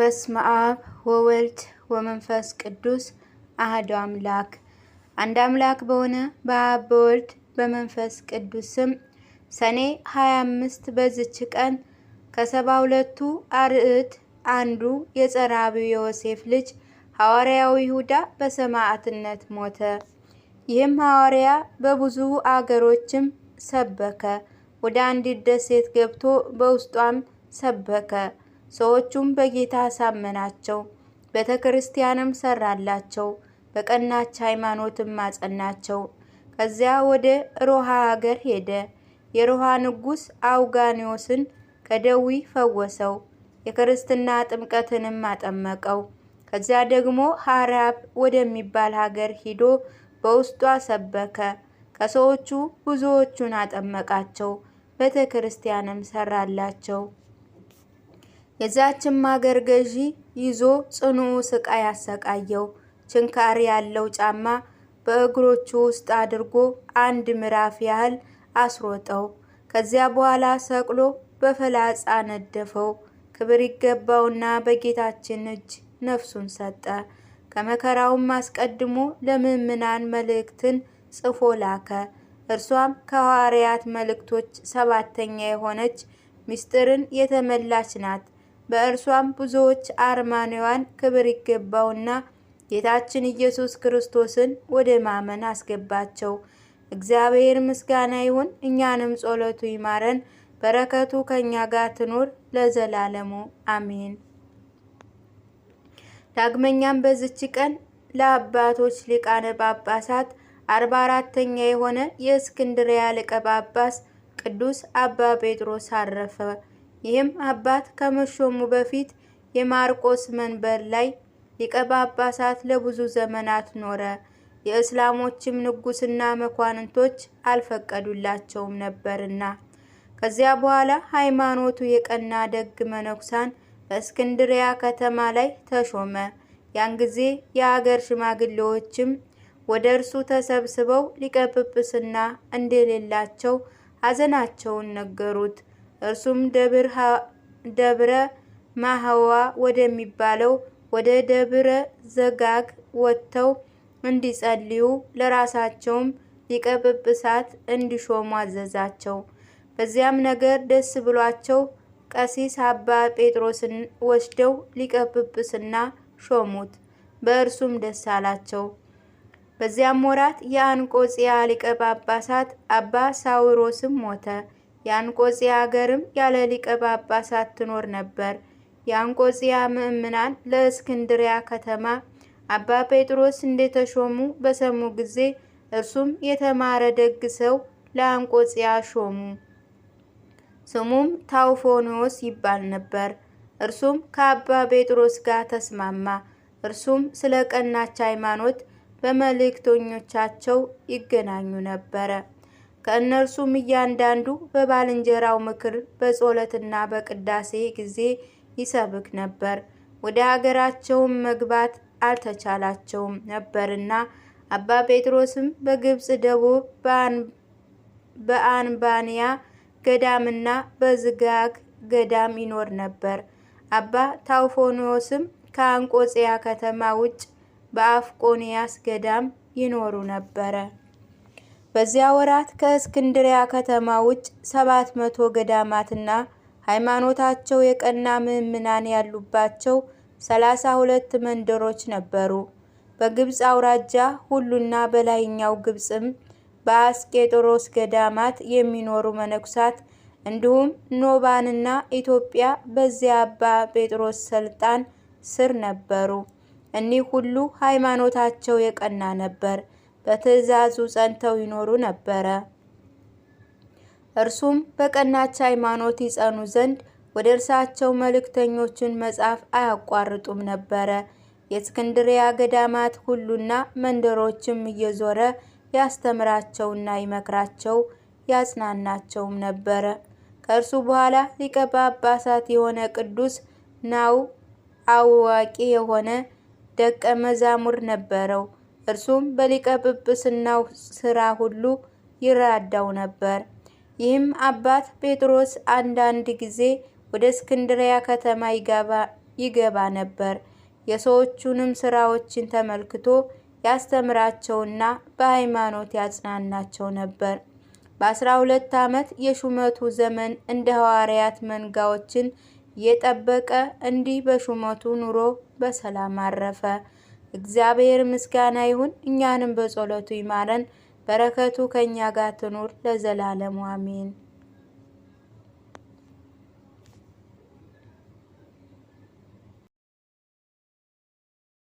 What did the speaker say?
በስመ አብ ወወልድ ወመንፈስ ቅዱስ አህዶ አምላክ አንድ አምላክ በሆነ በአብ በወልድ በመንፈስ ቅዱስ ስም ሰኔ 25 በዝች ቀን ከሰባ ሁለቱ አርዕት አንዱ የጸራቢው የዮሴፍ ልጅ ሐዋርያው ይሁዳ በሰማዕትነት ሞተ። ይህም ሐዋርያ በብዙ አገሮችም ሰበከ። ወደ አንዲት ደሴት ገብቶ በውስጧም ሰበከ። ሰዎቹም በጌታ አሳመናቸው፣ ቤተ ክርስቲያንም ሰራላቸው፣ በቀናች ሃይማኖትም አጸናቸው። ከዚያ ወደ ሮሃ አገር ሄደ። የሮሃ ንጉሥ አውጋኒዎስን ከደዊ ፈወሰው፣ የክርስትና ጥምቀትንም አጠመቀው። ከዚያ ደግሞ ሐራብ ወደሚባል ሀገር ሂዶ በውስጧ ሰበከ። ከሰዎቹ ብዙዎቹን አጠመቃቸው፣ ቤተ ክርስቲያንም ሰራላቸው። የዛችም አገር ገዢ ይዞ ጽኑ ስቃይ አሰቃየው። ችንካር ያለው ጫማ በእግሮቹ ውስጥ አድርጎ አንድ ምዕራፍ ያህል አስሮጠው። ከዚያ በኋላ ሰቅሎ በፈላጻ ነደፈው። ክብር ይገባውና በጌታችን እጅ ነፍሱን ሰጠ። ከመከራውም አስቀድሞ ለምምናን መልእክትን ጽፎ ላከ። እርሷም ከሐዋርያት መልእክቶች ሰባተኛ የሆነች ምስጢርን የተመላች ናት። በእርሷም ብዙዎች አርማኔዋን ክብር ይገባውና ጌታችን ኢየሱስ ክርስቶስን ወደ ማመን አስገባቸው። እግዚአብሔር ምስጋና ይሁን። እኛንም ጸሎቱ ይማረን፣ በረከቱ ከእኛ ጋር ትኑር ለዘላለሙ አሜን። ዳግመኛም በዝች ቀን ለአባቶች ሊቃነ ጳጳሳት አርባ አራተኛ የሆነ የእስክንድሪያ ሊቀ ጳጳስ ቅዱስ አባ ጴጥሮስ አረፈ። ይህም አባት ከመሾሙ በፊት የማርቆስ መንበር ላይ ሊቀ ጳጳሳት ለብዙ ዘመናት ኖረ። የእስላሞችም ንጉስና መኳንንቶች አልፈቀዱላቸውም ነበርና። ከዚያ በኋላ ሃይማኖቱ የቀና ደግ መነኩሳን በእስክንድሪያ ከተማ ላይ ተሾመ። ያን ጊዜ የአገር ሽማግሌዎችም ወደ እርሱ ተሰብስበው ሊቀ ጵጵስና እንደሌላቸው ሐዘናቸውን ነገሩት። እርሱም ደብረ ማህዋ ወደሚባለው ወደ ደብረ ዘጋግ ወጥተው እንዲጸልዩ ለራሳቸውም ሊቀ እንዲሾሙ አዘዛቸው። በዚያም ነገር ደስ ብሏቸው ቀሲስ አባ ጴጥሮስን ወስደው ሊቀ ጵጵስና ሾሙት። በእርሱም ደስ አላቸው። በዚያም ወራት የአንቆጽያ ሊቀ ጳጳሳት አባ ሳውሮስም ሞተ። የአንቆጽያ አገርም ያለ ሊቀ ጳጳሳት ትኖር ነበር። የአንቆፄያ ምእምናን ለእስክንድሪያ ከተማ አባ ጴጥሮስ እንደተሾሙ በሰሙ ጊዜ እርሱም የተማረ ደግ ሰው ለአንቆፄያ ሾሙ። ስሙም ታውፎኒዎስ ይባል ነበር። እርሱም ከአባ ጴጥሮስ ጋር ተስማማ። እርሱም ስለ ቀናች ሃይማኖት በመልእክተኞቻቸው ይገናኙ ነበረ። ከእነርሱም እያንዳንዱ በባልንጀራው ምክር በጾለትና በቅዳሴ ጊዜ ይሰብክ ነበር። ወደ አገራቸውም መግባት አልተቻላቸውም ነበርና አባ ጴጥሮስም በግብፅ ደቡብ በአንባንያ ገዳምና በዝጋግ ገዳም ይኖር ነበር። አባ ታውፎኖስም ከአንቆጽያ ከተማ ውጭ በአፍቆንያስ ገዳም ይኖሩ ነበረ። በዚያ ወራት ከእስክንድሪያ ከተማ ውጭ ሰባት መቶ ገዳማትና ሃይማኖታቸው የቀና ምዕምናን ያሉባቸው ሰላሳ ሁለት መንደሮች ነበሩ። በግብፅ አውራጃ ሁሉና በላይኛው ግብፅም በአስቄጥሮስ ገዳማት የሚኖሩ መነኩሳት እንዲሁም ኖባንና ኢትዮጵያ በዚያ አባ ጴጥሮስ ስልጣን ስር ነበሩ። እኒህ ሁሉ ሃይማኖታቸው የቀና ነበር። በትእዛዙ ጸንተው ይኖሩ ነበረ። እርሱም በቀናች ሃይማኖት ይጸኑ ዘንድ ወደ እርሳቸው መልእክተኞችን መጻፍ አያቋርጡም ነበረ። የእስክንድሪያ ገዳማት ሁሉና መንደሮችም እየዞረ ያስተምራቸውና ይመክራቸው ያጽናናቸውም ነበረ። ከእርሱ በኋላ ሊቀ ጳጳሳት የሆነ ቅዱስ ናው አዋቂ የሆነ ደቀ መዛሙር ነበረው። እርሱም በሊቀ ጵጵስናው ስራ ሁሉ ይራዳው ነበር። ይህም አባት ጴጥሮስ አንዳንድ ጊዜ ወደ እስክንድሪያ ከተማ ይገባ ነበር። የሰዎቹንም ስራዎችን ተመልክቶ ያስተምራቸውና በሃይማኖት ያጽናናቸው ነበር። በአስራ ሁለት ዓመት የሹመቱ ዘመን እንደ ሐዋርያት መንጋዎችን የጠበቀ እንዲህ በሹመቱ ኑሮ በሰላም አረፈ። እግዚአብሔር ምስጋና ይሁን። እኛንም በጸሎቱ ይማረን። በረከቱ ከእኛ ጋር ትኑር ለዘላለሙ አሜን።